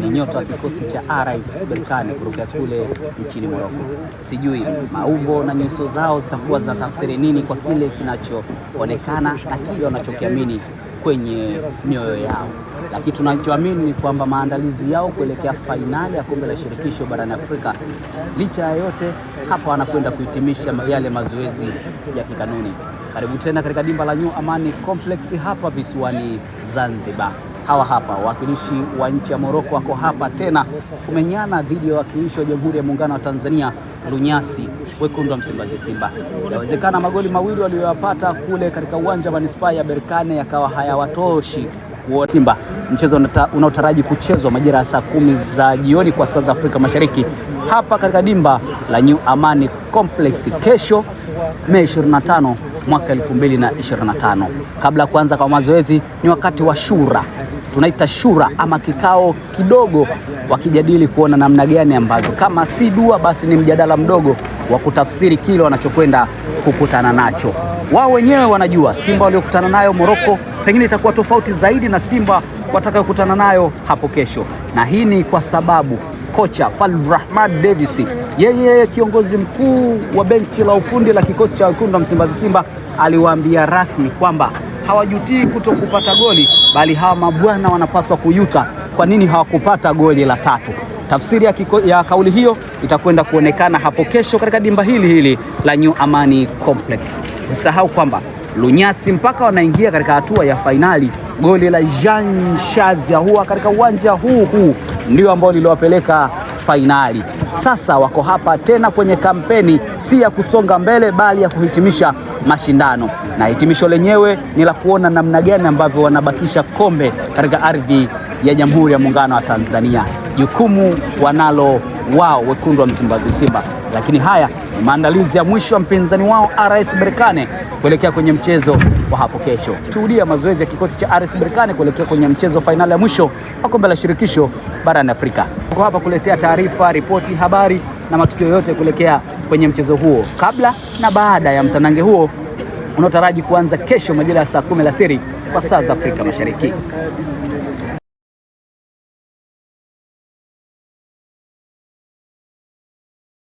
ni nyota wa kikosi cha RS Berkane kutokea kule nchini Morocco. Sijui maumbo na nyuso zao zitakuwa zinatafsiri nini kwa kile kinachoonekana na kile wanachokiamini kwenye mioyo yao, lakini tunachoamini ni kwamba maandalizi yao kuelekea fainali ya kombe la shirikisho barani Afrika, licha ya yote, hapa wanakwenda kuhitimisha yale mazoezi ya kikanuni. Karibu tena katika dimba la New Amani Complex hapa visiwani Zanzibar hawa hapa wawakilishi wa nchi ya Moroko wako hapa tena kumenyana dhidi ya wawakilishi wa Jamhuri ya Muungano wa Tanzania Lunyasi, wekundu wa Msimbazi, Simba. Inawezekana magoli mawili waliyopata kule katika uwanja wa manispaa ya Berkane yakawa hayawatoshi kuona Simba. Mchezo unaotaraji kuchezwa majira ya saa kumi za jioni kwa saa za Afrika Mashariki hapa katika dimba la New Amani Complex kesho Mei 25 mwaka 2025. Kabla ya kuanza kwa mazoezi, ni wakati wa shura tunaita shura ama kikao kidogo, wakijadili kuona namna gani ambavyo kama si dua basi ni mjadala mdogo wa kutafsiri kile wanachokwenda kukutana nacho. Wao wenyewe wanajua Simba waliokutana nayo Moroko pengine itakuwa tofauti zaidi na Simba watakayokutana nayo hapo kesho, na hii ni kwa sababu kocha Falvrahman Davis yeye kiongozi mkuu wa benchi la ufundi la kikosi cha wekundu wa Msimbazi Simba aliwaambia rasmi kwamba hawajutii kuto kupata goli, bali hawa mabwana wanapaswa kuyuta kwa nini hawakupata goli la tatu. Tafsiri ya, kiko, ya kauli hiyo itakwenda kuonekana hapo kesho katika dimba hili hili la New Amani Complex. Usahau kwamba Lunyasi mpaka wanaingia katika hatua ya fainali, goli la Jean Shazia huwa katika uwanja huu huu ndio ambao liliwapeleka fainali. Sasa wako hapa tena kwenye kampeni, si ya kusonga mbele, bali ya kuhitimisha mashindano, na hitimisho lenyewe ni la kuona namna gani ambavyo wanabakisha kombe katika ardhi ya Jamhuri ya Muungano wa Tanzania. Jukumu wanalo wao wekundu wa Msimbazi Simba, lakini haya ni maandalizi ya mwisho wa mpinzani wao RS Berkane kuelekea kwenye mchezo wa hapo kesho. Shuhudia mazoezi ya kikosi cha RS Berkane kuelekea kwenye mchezo wa fainali ya mwisho wa kombe la shirikisho barani Afrika. Tuko hapa kuletea taarifa, ripoti, habari na matukio yote kuelekea kwenye mchezo huo, kabla na baada ya mtanange huo unaotaraji kuanza kesho majira ya saa kumi alasiri kwa saa za Afrika Mashariki.